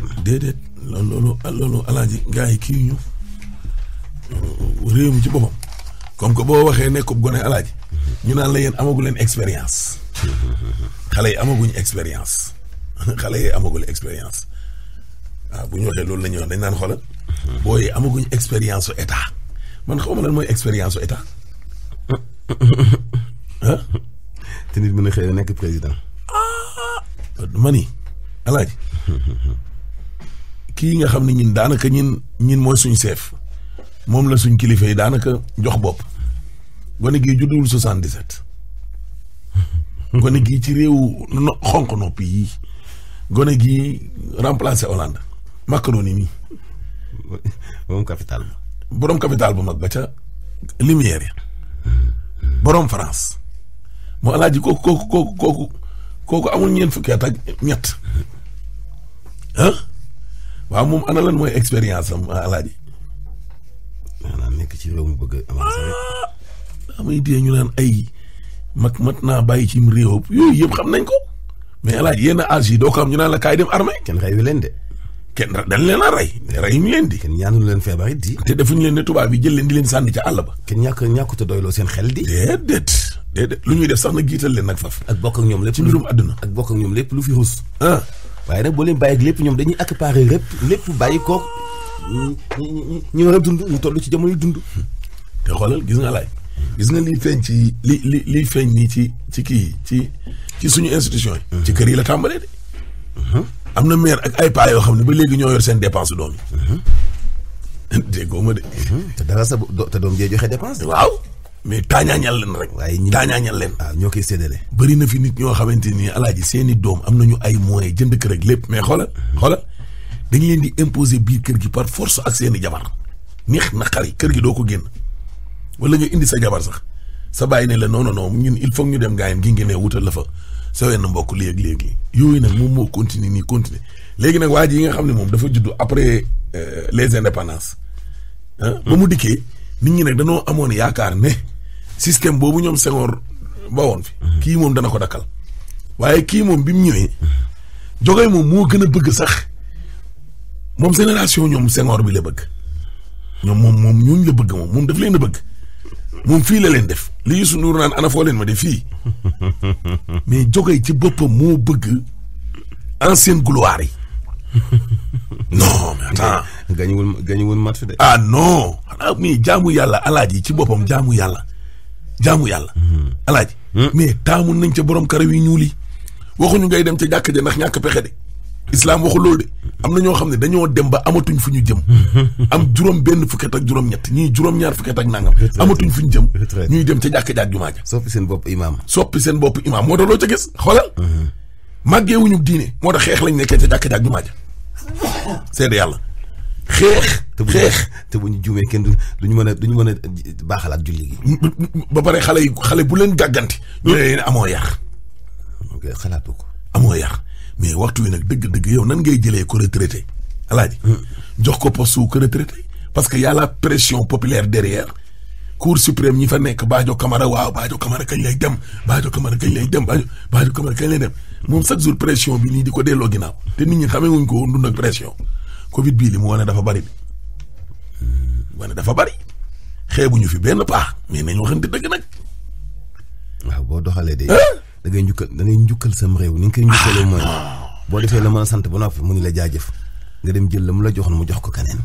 dem. déedéet loolu loolu alaaji gars yi kii ñu euh, réew mi ci boppam comme que boo waxee nekkub gone alaaji ñu naan la yéen amagu leen expérience. xale yi amaguñ expérience xale yi amagul expérience waaw ah, bu ñu waxee loolu la ñuy wax dañ naan xoolal. booy amaguñ expérience su état man xaw ma lan mooy expérience su état. ah. te nit nekk président. ah. mani kii nga xam ne ñun daanaka ñun ñun mooy suñ chef moom la suñ kilifa yi daanaka jox bopp gone gii judduwul 77. gone gii ci réew xonq noppi yii gone gii remplacé Hollande Macroni borom capital ba. borom mag ba ca lumière ya borom France mu alaaji kooku kooku kooku kooku amul ñeent fukki at ñett waaw moom ana lan mooy expérience am ah, alaaji. maanaam nekk ci réew mi bëgg a avancer. amay ah, dee ñu naan ay mag mat naa bàyyi ci réew yooyu yëpp xam nañ ko mais alaaji yenn âge yi doo ko am ñu naan la kaay dem armée. kenn reyu leen de. kenn dañ leen a rey reyuñu leen di. kenn ñaanu leen feebar it di. te defuñu leen ne tubaab yi jël leen di leen sànni ca àll ba. kenn ñàkk ñàkkut a doyloo seen xel di. déedéet déedéet lu ñuy def sax nag jiital leen nag faf. ak bokk ak ñoom lépp ci mbirum àdduna. ak bokk ak ñoom lépp lu fi ruus. Ah. waaye nag boo leen bàyyi ak lépp ñoom dañuy accaparer lépp lépp bàyyi kook ñu ñu ñi war a dund ñu toll ci jamono dund. te xoolal gis nga laaj gis nga liy feeñ ci li li liy feeñ nii ci ci kii ci ci suñu institution yi. Mm-hmm. ci kër yi la tàmbalee de. Mm-hmm. am na maire ak ay paa yoo xam ne ba léegi ñoo yor seen dépense doom yi. Mm-hmm. déggoo ma de. te dara sa te doom jee joxe dépense. waaw mais taañaañal leen rek. waaye ñi taañaañal leen. waaw ñoo koy séddale. bari na fi nit ñoo xamante ni alaaji seen doom am nañu ay moyens jënd kër ak lépp mais xoolal. xoolal dañu leen di imposer biir kër gi par force ak seeni i jabar neex na xari kër gi doo ko génn wala nga indi sa jabar sax sa bàyyi ne la non non non ñun il faut ñu dem gaayam gi ngi ne wutal la fa sa wenn mbokk léegi léegi yooyu nag moom moo continuer nii continuer léegi nag waa ji nga xam ne moom dafa juddu après euh, les indépendances. ba mu dikkee. nit ñi nag dañoo amoon yaakaar ne système boobu ñoom Senghor ba woon fi. Mhm. kii moom dana ko dakkal. waaye kii moom bi mu ñëwee. Diogaye mhm. moom moo gën a bëgg sax moom génération ñoom Senghor bi la bëgg. ñoom moom moom ñooñu la bëgg moom moom daf leen a bëgg. moom fii la leen def li Youssou Ndour naan ana foo leen ma def fii mais Diogaye ci boppam moo bëgg ancienne gloire yi. non mais attends. gañuwul gañuwul match de. ah non xanaa muy jaamu yàlla alaaji ci boppam jaamu yàlla jaamu yàlla. Mm-hmm. alaaji. Hmm? mais taamu nañ ca borom karaw yi ñuul yi waxuñu ngay dem ca jàkk ja ndax ñàkk pexe de. islam waxu loolu de am na ñoo xam ne dañoo dem ba amatuñ fu ñu jëm. Mm-hmm. am juróom benn fukket ak juróom-ñett ñii juróom-ñaar fukket ak nangam. amatuñ fu ñu jëm. ñuy dem ca jàkk ja ak jumaa ja. soppi seen bopp imaam. soppi seen bopp imaam moo tax loo ca gis xoolal. Mm-hmm. màggee wuñu diine moo tax xeex lañ nekkee ca jàkka jàkk jumaa ja seede yàlla xeex. xeex te bu ñu juumee kenn duñu mën a duñu mën a baaxalaat julli gi. ba pare xale yi xale bu leen gàgganti. ñu ne leen amoo yar. ok xalaatu ko. amoo yàq mais waxtu wi nag dëgg-dëgg yow nan ngay jëlee ko retraité alaaji hmm. jox ko poste su ko retraité parce que y la pression populaire derrière. cour suprême ñi fa nekk Badio Camara waaw Badio Camara kañ lay dem Badio Camara kañ lay dem Badio Badio Camara kañ lay dem moom chaque jour pression bi nii di ko delloo ginnaaw te nit ñi xamee wuñ ko woon dund ak pression Covid bii li mu wane dafa bari bi hmm, wane dafa bari xeebuñu fi benn paax mais nañ waxante dëgg nag. waaw boo doxalee de. da ngay njukkal da ngay njukkal sam réew ni nga koy njukkalee ah, mooy. boo defee la mën a sant ba noppi mu ngi la jaajëf nga dem jël la mu la joxoon mu jox ko keneen.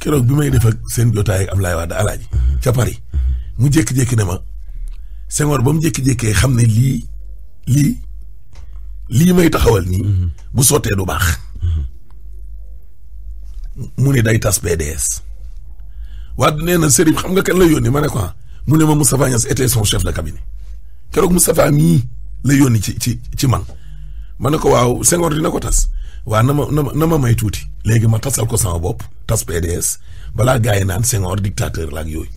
keroog bi may def seen jotaay ak Ablaye Wade ca Paris mu jékki-jékki ne ma Senghor ba xam ne lii lii lii may taxawal nii. Mhm. bu sottee du baax. Mhm. mu ne day tas PDS. waa nee na Serif xam nga kan la yónni ma ne ah, mu ne ma Moustapha Niass était son chef de cabinet keroog Moustapha mii la yónni ci ci ci man ne ko waaw Senghor dina ko tas waa na ma na ma may tuuti. léegi ma tasal ko sama bopp tas PDS balaa gars yi naan Senghor dictateur la ak yooyu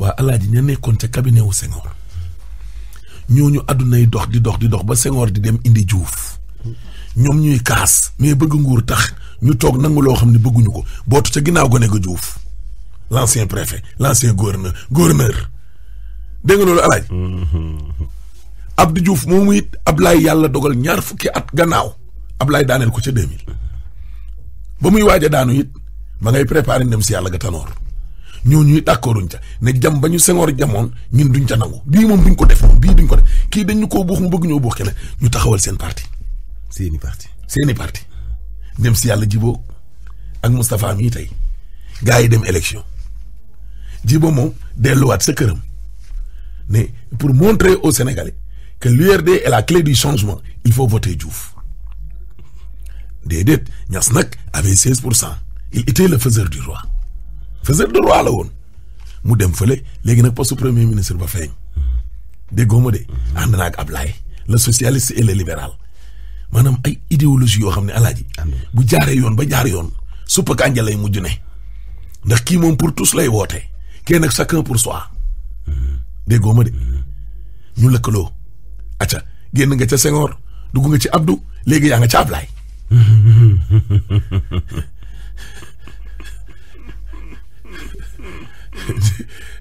waa alaaji ña nekkoon ca cabinet wu Senghor ñooñu àdduna yi dox di dox di dox ba Senghor di dem indi juuf ñoom ñuy kaas mais bëgg nguur tax ñu toog nangu loo xam ne bëgguñu ko bootu ca ginnaaw gone ga Diouf l' ancien préfet l' ancien gouverneur gouverneur dégg nga loolu alaaj mm-hmm. Abdou Diouf moomu it Ablaye yàlla dogal ñaar fukki at gannaaw ab Ablaye daaneel ko ca 2000. ba muy waaj a daanu it ma ngay préparé ndem si yàlla ga tanoor ñooñu it ca ne jam ba ñu sengoor jamoon ñun duñ ca nangu bii moom duñ ko def moom bii duñ ko def kii dañ ñu ko buux mu bëgg ñoo buux keneen ñu taxawal seen parti. seeni parti seeni parti ndem si yàlla jiboo ak Moustapha mii tey gars yi dem élection jibo moom delluwaat sa këram ne pour montrer aux Sénégalais que l'URD et la clé du changement il faut voter Diouf. déedéet Niass nag avait seize pour cent il était le faiseur du roi faiseur du roi la woon mu dem fële léegi nag poste premier ministre ba feeñ déggoo ma de ànd naa ak Ablaye le socialiste et le libéral maanaam ay idéologie yoo xam ne alaaji bu jaaree yoon ba jaar yoon suppa kànja lay mujj ne ndax kii moom pour tous lay woote kenn nag chacun pour soi déggoo ma de ñu lëkkaloo acca génn nga ca Senghor dugg nga ci Abdou léegi yaa nga ca Ablaye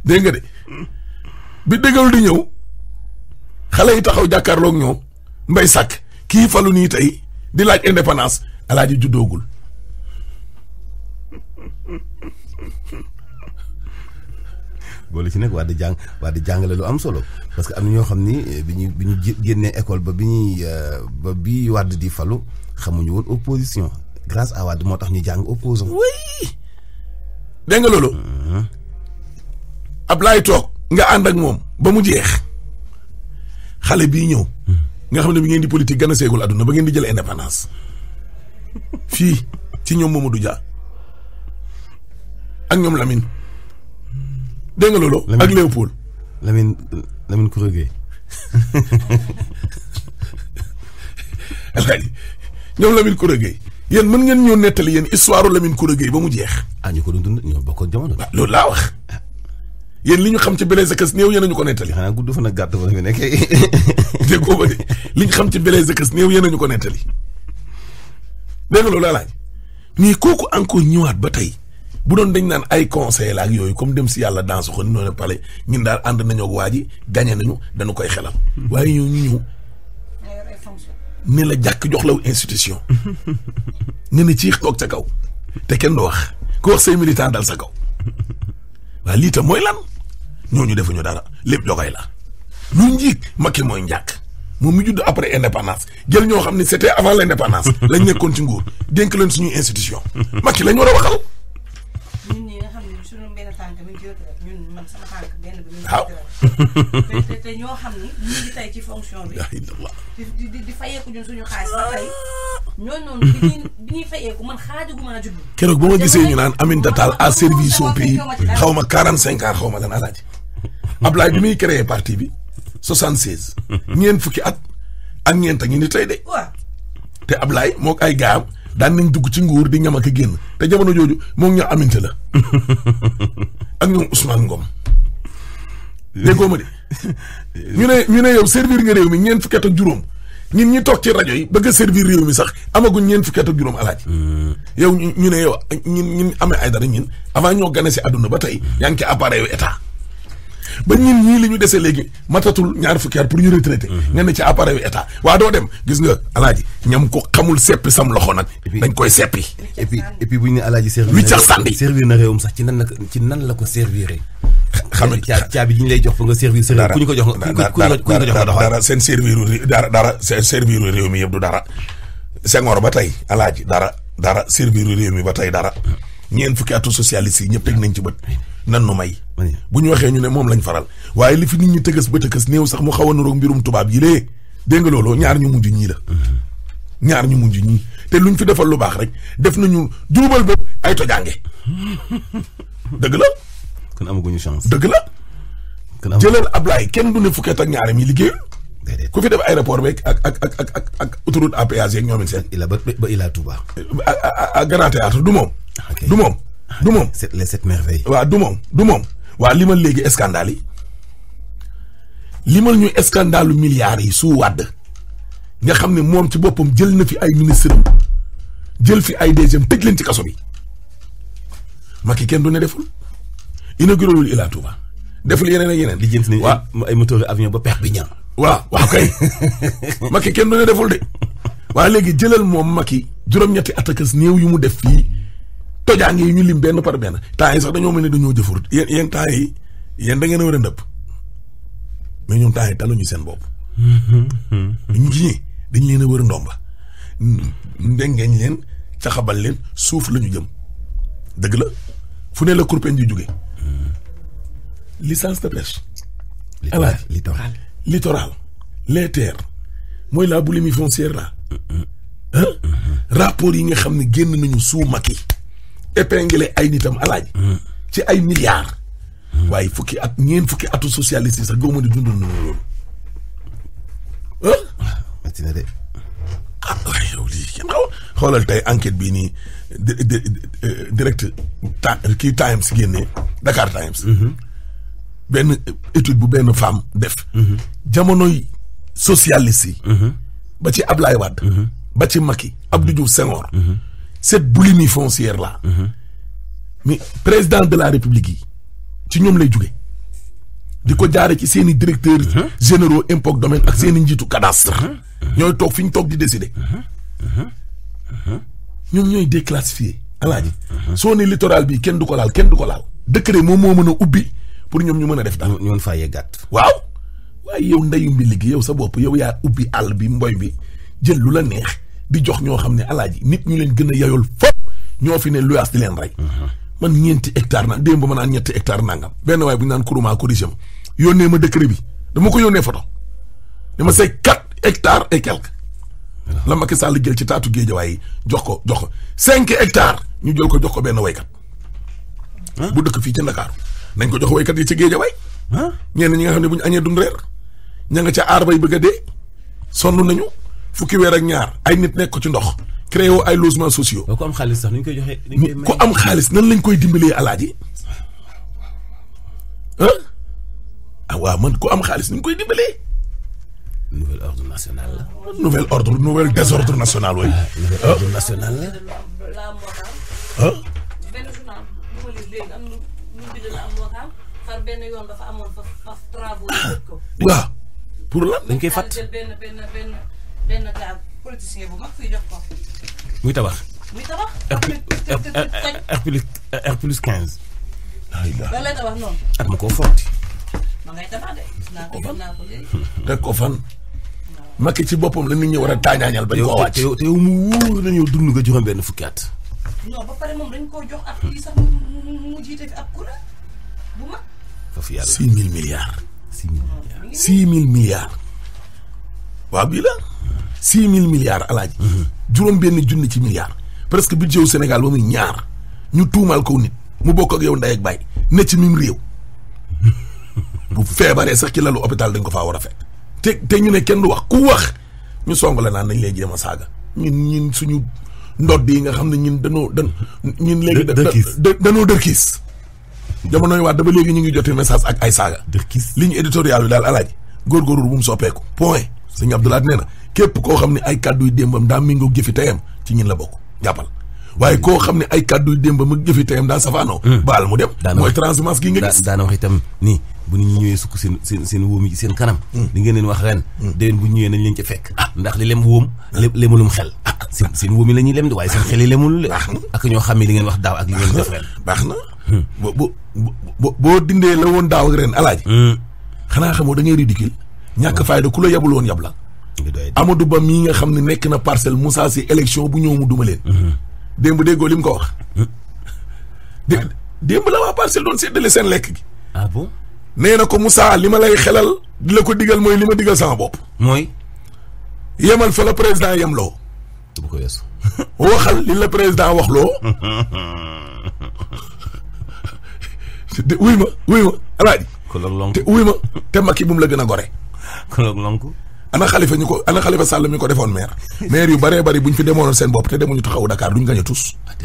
dégg nga bi dëggal di ñëw xale yi taxaw jàkkaarloog ñoom mbay sàkk kii falu nii tey di laaj indépendance alaaji juddoogul boole ci nag waa di jàng waa di jàngale lu am solo parce que am na ñoo xam ni eh, bi ñu bi ñu génnee école ba bi ñuy eh, ba bi wàdd di falu xamuñu woon opposition grâce à wàdd moo tax ñu jàng opposant oui dégg nga mm-hmm. laay toog nga ànd ak moom ba mu jeex xale bii ñëw. Mm-hmm. nga xam ne bi ngeen di politique gën a seegul àdduna ba ngeen di jël indépendance fii ci ñoom Mamadou Dia ak ñoom lamin dégg nga loolu. ak Léopold. Lamine Lamine Kouré Gueye. alaaji ñoom Lamine Kouré Gueye yéen mën ngeen ñoo nettali yéen histoire Lamine Kouré Gueye ba mu jeex. ah ñu ko doon ñoo bokk ak jamono. waaw loolu laa wax. yéen li ñu xam ci Blaise Cess néew yéen a ñu ko nettali. xanaa gudd fan ak gàtt ba fi nekkee. déggoo li xam ci Blaise Cess néew ko nettali. dégg nga kooku encore ñiwaat ba tey. bu doon dañ naan ay conseil la ak yooyu comme dem si yàlla dans ko noonu pale ñun daal ànd nañoo ak waa ji gagné nañu dañu koy xelal. waaye ñu ñu ñëw. ni la jàkk jox law institution. ne na ciix ca kaw. te kenn du wax ku wax say militant dal sa kaw. waaye lii mooy lan ñooñu defuñu dara lépp jogoy la. lu njiit Macky mooy njàkk. moom mu judd après indépendance jël ñoo xam ne c'était avant l'indépendance. lañ nekkoon ci nguur dénk leen suñuy institution. Macky lañu war a waxal. waaw. te te fonction bi. di di di fayeeku ñun ah. keroog ba ma gisee ñu naan Aminata Tall à service son pays xaw ma 45 ans xaw ma lan alaaji. Ablaye bi muy créé parti bi 76. ñeent fukki at ak ñeent ak ñu ni tey de. te Ablaye moog ay gaam daan nañ dugg ci nguur di ñam ak génn te jamono jooju moom ñoo aminte la ak ñoom Ousmane Ngom. déggoo ma de ñune ne ñu ne yow servir nga réew mi ñeent fukki juróom ñun ñi toog ci rajo yi bëgg a servir réew mi sax amaguñ ñeent fukki at ak juróom alaaj yow ñu ne yow ñun ñun amee ay dara ñun avant ñoo gane si àdduna ba tey yaa ngi ci appareil yu état. ba ñun ñii li ñu dese léegi matatul ñaar fukki at pour ñu retraité. Mhm. nga ne ci appareil yu état waa doo dem gis nga alaaji ñam ko xamul seppi sam loxo nag. dañ koy seppi. et puis et puis bu ñu nee alaaji servir na sànni servir na réewam sax ci nan la ko ci nan la ko servir. xam nga caabi ji ñu lay jox fa nga servir. dara dara ku ñu ko jox ku ñu ko jox dara seen serviru dara dara seen serviru réew mi yëpp du dara. Senghor ba tey alaaji dara dara servir réew mi ba tey dara. ñeen fukki atu socialiste yi ñëpp teg nañ ci bët nan nu may bu ñu waxee ñu ne moom lañ faral waaye li fi nit ñi tëgës ba tëgës néew sax mu xaw a niroog mbirum tubaab yi lée dégg nga loolu ñaar ñu mujj ñii la mm-hmm. ñaar ñu mujj ñii te luñ fi defal lu baax rek def nañu juubal bopp ay tojaange dëgg la kon amaguñu chance dëgg la jëlal Ablaye kenn du ne fukkeet ak ñaare mi liggéeyul ku fi def aéroport beeg ak ak ak ak ak autoroute à péage yeeg ñoom seen. Ila ba ba Ila Touba. ak Grand Théâtre du moom. Ah, du moom du moom. c'est les sept merveilles. waaw du moom du moom. waa limal léegi scandale yi limal ñu scandalu milliards yi su wàdd nga xam ne moom ci boppam jël na fi ay ministres jël fi ay DG tëj leen ci kaso bi Macky kenn du ne deful inauguré wul Ila Touba deful yeneen ak yeneen. li jëm si ay moteur avion ba pex bi ñaar. waaw waaw kay Macky kenn du ne deful de waaye léegi jëlal moom Macky juróom-ñetti attaques néew yu mu def fii tojaange yi ñu lim benn par benn temps yi sax dañoo mel ne dañoo jëfur yéen yéen temps yi yéen da ngeen a war a ndëpp mais ñoom temps yi daluñu seen bopp. ñu dañ leen a wër ndomba ndengeñ leen caxabal leen suuf la ñu jëm dëgg la fu ne la kurpeñ ji jóge hmm. licence de pêche. littoral les terres mooy la boulimie foncière là ah rapport yi nga xam ne génn nañu suu Macky épinglé ay nitam alaaj ci ay milliards waaye fukki at ñeen fukki atu socialiste yi sax góobu ne dundal nañu loolu ah waaye yow lii kenn xaw xoolal tey enquête bii nii direct kii Times génnee Dakar Times mm-hmm. benn étude bu benn femme def. Mhm. jamonoy socialiste yi. Mhm. ba ci Ablaye Wade. Mhm. ba ci Macky Abdou Diouf Senghor. cette boulimie foncière la mais président de la république yi ci ñoom lay jóge di ko jaaree ci seen i directeurs généraux impôts domaine ak seen njiitu cadastre. ñooy toog fi ñu toog di décider. ñoom ñooy déclassifié yi soo ne littoral bi kenn du ko laal kenn du ko laal. décret moom moo mën a ubbi. pour ñoom ñu mën a def dara. ñoo faa yeggaat. waaw waaye yow ndeyu mbi gi yow sa bopp yow yaa ubbi àll bi mboy bi jël lu la neex di jox ñoo xam ne alaaji nit ñu leen gën a yayool fop ñoo fi ne luyaas di leen rey. man ñeenti hectare na démb ma naan ñetti hectare nangam. benn waaye bu ñu naan kuruma corrigé ma yónnee ma décret bi dama ko yónnee photo dama say quatre hectares et quelque. la Macky Sall jël ci taatu géejawaay yi jox ko jox ko cinq hectares ñu jël ko jox ko benn waykat. bu dëkk fii ci Ndakaaru. nañ ko jox waykat yi ci géej a way ñenn ñi nga xam ne bu ñu añee dund reer ña nga ca aar bay bëgg a dee sonn nañu fukki weer ak ñaar ay nit nekk ci ndox créé ay logements sociaux. ku am xaalis sax ñu koy joxe. ku am xaalis nan lañ koy dimbalee alaaji ah waa man ku am xaalis ñu koy dimbalee. nouvel ordre national la. nouvel ordre nouvel désordre national waaye. nouvel waaw pour la dañ koy fàtt. muy tabax. muy tabax. R plus R plus 15. ak ma koo fotti. teg ko fan. Macky ci boppam la nit ñi war a taañaañal bañ koo wàcc. te yow mu wóor na yow dund nga juróom benn fukki non ba dañ koo jox ak lii sax mu mu jiite fi ab kuréel bu mag. mille milliards. six mille milliards six bii la six mille milliards alaaji. Mhm. juróom benn junni ci milliards. presque budget wu Sénégal ba muy ñaar ñu tuumal ko nit mu bokk ak yow ndey ak ne ci mim réew bu feebaree sax ci lalu hôpital dañ ko faa war a fekk te te ñu ne kenn du wax ku wax ñu song la naan dañ lay jéem a saaga ñun ñun suñu ndodd yi nga xam ne ñun danoo dan ñun léegi danoo dërkiis jamonoy waat daba léegi ñu ngi jotee message ak ay saaga li ñu éditoriale bi daal alaaji góorgóorlu bu mu soppeeku point sëñ Abdoulaye nee na képp koo xam ne ay kàddu yu démbam daa méngoo jëfi tayam ci ñun la bokk jàppal waaye koo xam ne ay kàddu dem ba jëfi tayam daa safaanoo hmm. baal mu dem mooy transhumance gi nga gis daana wax itam nii bu nit ñi ñëwee sukk seen seen seen seen kanam li hmm. ngeen leen wax ren hmm. déwén bu ñëwee nañ leen ca fekk ah ndax li lem wóom lemalum xel ah seen seen wóom yi la ñuy lem de waaye seen xel yi lemul ñoo xam ne li ngeen wax baax na boo boo boo dindee la woon daaw ak ren alaaji xanaa xamoo da ngay ridicule ñàkk fayda ku la yabul woon yab la Amadou Ba mii nga xam ne nekk na parcelle Moussa si bu ñëw mu duma leen bu déggoo li mu ko wax. dé démb la waa parcelle doon séddale seen lekk gi. ah bon nee na ko Moussa li ma lay xelal di la ko digal mooy li ma diggal sama bopp. mooy. yemal fa la président yemloo. bu ko weesu. waxal li la président wax te wuy ma wuy ma alaaji. te wuy ma te Macky bu mu la gën a gore. kon ana xalifa ñu ko ana xalifa Sall mi ko defoon maire maire yu bëree bëri bu ñu fi demoonoon seen bopp te demuñu taxawu Dakar duñ gañe tous ah,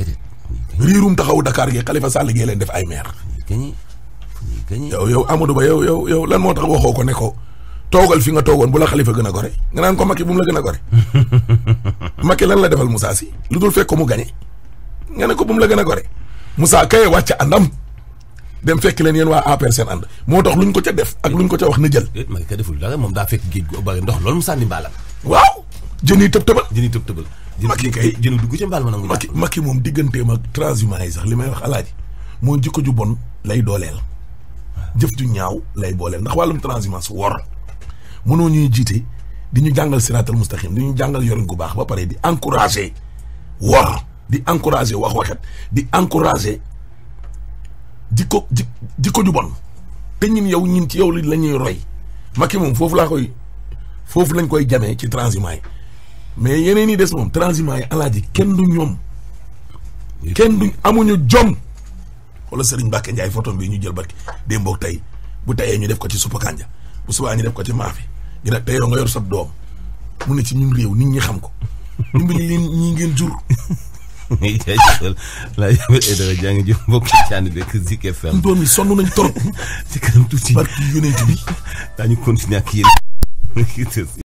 riirum taxawu dakaar gi xalifa Sall gee leen def ay maire yow yow Amadou Ba yow yow yow lan moo tax waxoo ko ne ko toogal fi nga toogoon bu la xalifa gën a gore nga naan ko Macky bu mu la gën a gore Macky lan la defal mussa si lu dul fekk ko mu gañe nga ne ko bu la gën a gore Moussa kaye wàcc àndam dem fekk leen yéen waa APR seen ànd moo tax luñ ko ca def ak luñ ko ca wax na jël. déet man ka deful dara moom daa fekk géej gu bari ndox loolu mu sànni mbaalam. waaw jën yi tëb tëbal. jën yi tëb tëbal. Macky kay jën dugg ca mbaal ma nangu. Macky Macky moom digganteem ak transhumance yi sax li may wax alaaji moo jikko ju bon lay dooleel. jëf ju ñaaw lay booleel ndax wàllum transhumance wor mënoo ñuy jiite di ñu jàngal siraatal mustaqim di ñu jàngal yorin gu baax ba pare di encourager wor di encourager wax waxet di encourager jikko ji jikko ju bon te ñun yow ñun ci yow li la ñuy roy Macky moom foofu laa koy foofu lañ koy jamee ci transhumant yi mais yeneen yi des moom transhumant yi alaaji kenn du ñoom kenn duñ amuñu jom wala Serigne Mbacke Ndiaye photo bi ñu jël barki démboog tey bu tayee ñu def ko ci suppu kanja bu subaa ñu def ko ci maafe ñu ne tey yow nga yor sab doom mu ne ci ñun réew nit ñi xam ko dimbali leen ñi ngeen jur ñuy jaajëfal laa jàmbal ay dara jaa ngi jëm mbokk yi caa nekk Zik FM. doom yi sonn nañ trop. ci kanam tuuti. barke yonent bi daañu continuer